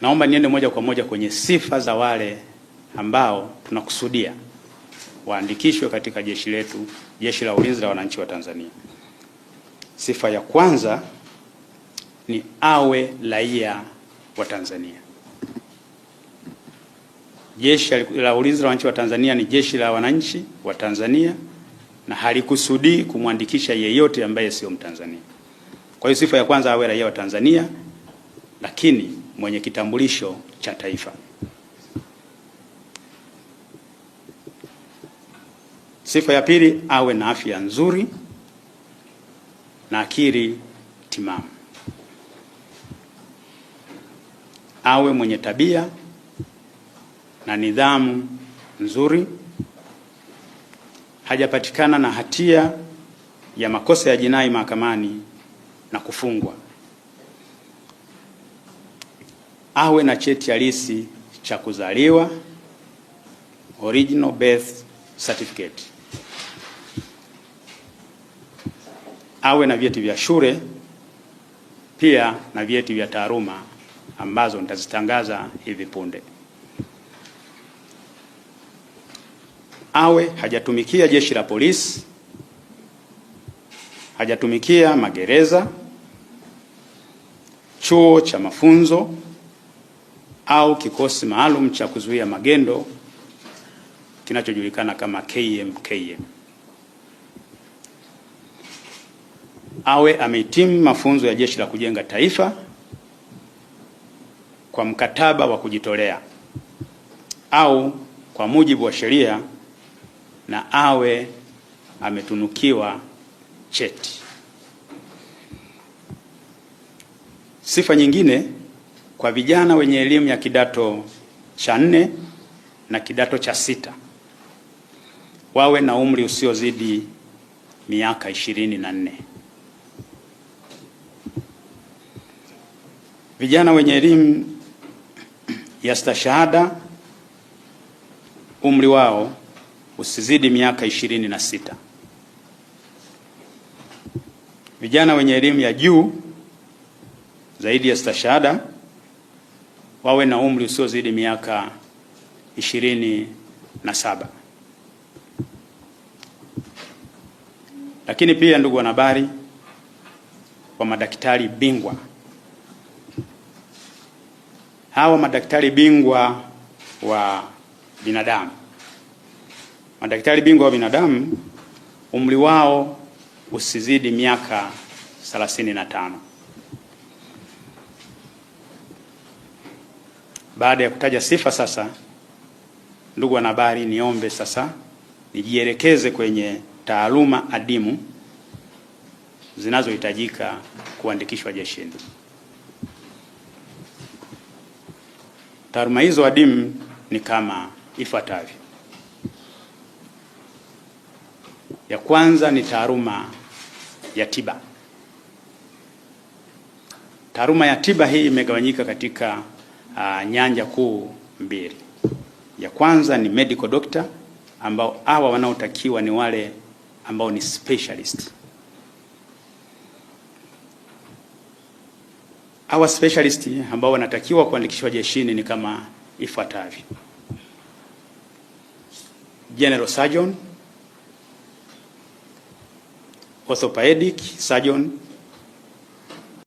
Naomba niende moja kwa moja kwenye sifa za wale ambao tunakusudia waandikishwe katika jeshi letu, Jeshi la Ulinzi la Wananchi wa Tanzania. Sifa ya kwanza ni awe raia wa Tanzania. Jeshi la Ulinzi la Wananchi wa Tanzania ni jeshi la wananchi wa Tanzania na halikusudii kumwandikisha yeyote ambaye sio Mtanzania. Kwa hiyo sifa ya kwanza awe raia wa Tanzania, lakini mwenye kitambulisho cha taifa. Sifa ya pili, awe na afya nzuri na akili timamu. Awe mwenye tabia na nidhamu nzuri, hajapatikana na hatia ya makosa ya jinai mahakamani na kufungwa. awe na cheti halisi cha kuzaliwa original birth certificate, awe na vyeti vya shule pia na vyeti vya taaluma ambazo nitazitangaza hivi punde, awe hajatumikia jeshi la polisi, hajatumikia magereza, chuo cha mafunzo au kikosi maalum cha kuzuia magendo kinachojulikana kama KMKM. Awe amehitimu mafunzo ya Jeshi la Kujenga Taifa kwa mkataba wa kujitolea au kwa mujibu wa sheria na awe ametunukiwa cheti. Sifa nyingine kwa vijana wenye elimu ya kidato cha nne na kidato cha sita wawe na umri usiozidi miaka ishirini na nne. Vijana wenye elimu ya stashahada umri wao usizidi miaka ishirini na sita. Vijana wenye elimu ya juu zaidi ya stashahada wawe na umri usiozidi miaka ishirini na saba. Lakini pia ndugu wanahabari, wa madaktari bingwa hawa madaktari bingwa wa binadamu, madaktari bingwa wa binadamu umri wao usizidi miaka thelathini na tano. Baada ya kutaja sifa sasa, ndugu wanahabari, niombe sasa nijielekeze kwenye taaluma adimu zinazohitajika kuandikishwa jeshini. Taaluma hizo adimu ni kama ifuatavyo. Ya kwanza ni taaluma ya tiba. Taaluma ya tiba hii imegawanyika katika uh, nyanja kuu mbili. Ya kwanza ni medical doctor, ambao hawa wanaotakiwa ni wale ambao ni specialist. Hawa specialist ambao wanatakiwa kuandikishwa jeshini ni kama ifuatavyo: general surgeon, orthopedic surgeon